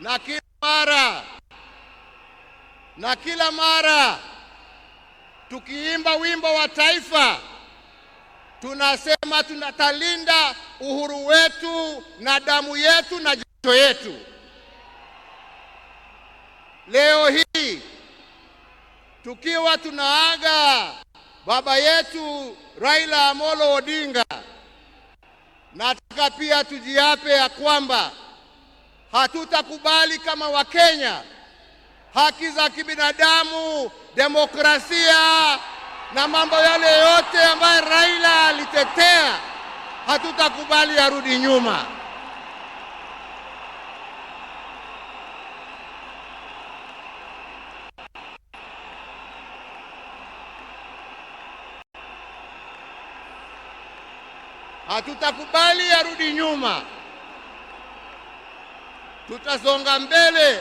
na kila mara na kila mara tukiimba wimbo wa taifa tunasema tunatalinda uhuru wetu na damu yetu na jicho yetu. Leo hii tukiwa tunaaga baba yetu Raila Amolo Odinga, nataka pia tujiape ya kwamba Hatutakubali kama Wakenya haki za kibinadamu, demokrasia na mambo yale yote ambayo Raila alitetea, hatutakubali yarudi nyuma. Hatutakubali yarudi nyuma tutasonga mbele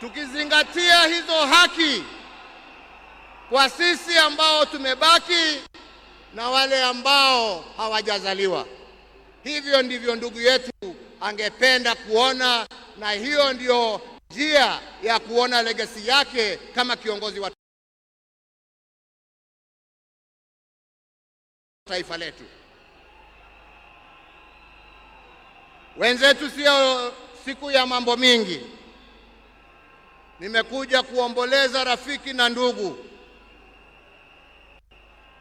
tukizingatia hizo haki kwa sisi ambao tumebaki na wale ambao hawajazaliwa. Hivyo ndivyo ndugu yetu angependa kuona, na hiyo ndio njia ya kuona legacy yake kama kiongozi wa taifa letu. Wenzetu sio siku ya mambo mingi, nimekuja kuomboleza rafiki na ndugu,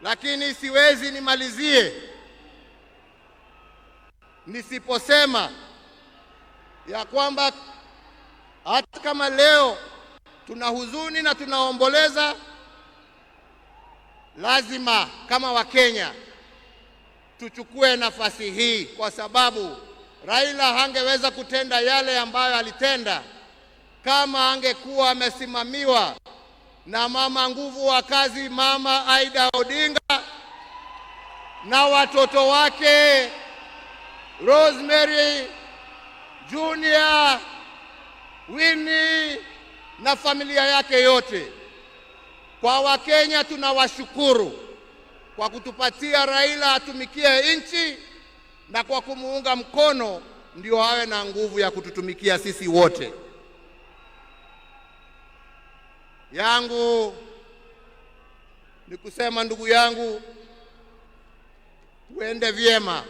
lakini siwezi nimalizie nisiposema ya kwamba hata kama leo tuna huzuni na tunaomboleza, lazima kama Wakenya tuchukue nafasi hii kwa sababu Raila hangeweza kutenda yale ambayo alitenda kama angekuwa amesimamiwa na mama nguvu wa kazi, Mama Aida Odinga na watoto wake Rosemary Junior, Winnie na familia yake yote. Kwa Wakenya tunawashukuru kwa kutupatia Raila atumikie nchi na kwa kumuunga mkono ndio awe na nguvu ya kututumikia sisi wote. Yangu ni kusema ndugu yangu, uende vyema.